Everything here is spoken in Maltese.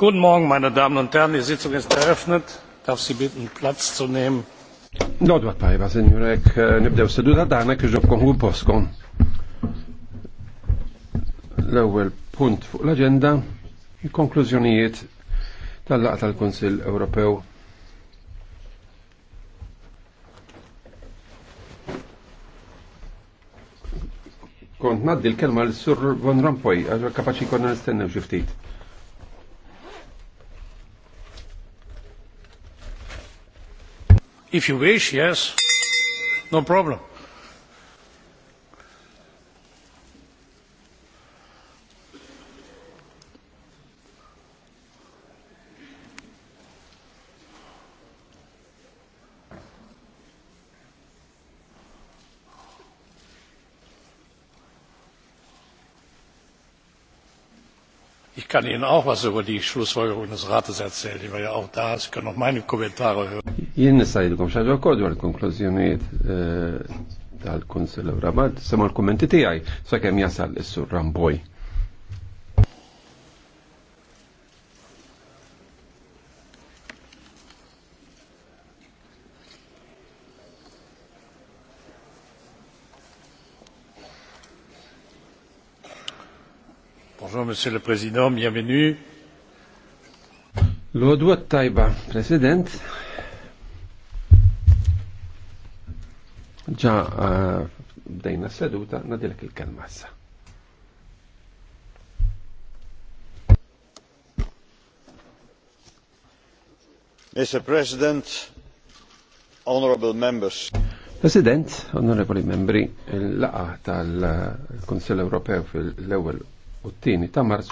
Guten Morgen, meine Damen und Herren. Die Sitzung ist eröffnet. Darf Sie bitten, Platz zu nehmen. Lodwa tajba, senjurek, eh, nibdew seduta dana kħiġobkom u poskom. L-ewel punt fuq l-agenda, il-konklużjonijiet tal-laqta tal-Konsil Ewropew Kont naddi l-kelma l-sur Von Rompuy, għaxa kapaxi konna nistennew xiftit. If you wish, yes, no problem. Ich kann Ihnen auch was über die Schlussfolgerung des Rates erzählen. Ich war ja auch da. Sie können auch meine Kommentare hören. Jien nistajdilkom xaġa kod dwar konklużjonijiet eh, tal-Kunsill Rabat. Sema l-kommenti tiegħi sakemm jasal is-Sur Ramboj. Bonjour, Monsieur le Président, bienvenue. L-odwa President. Ġa bdejna seduta, nadilek il-kelma Mr. President, Honorable Members. President, Honorable Membri, l-laqa tal konsil Ewropew fil-ewel u t-tini ta' marzu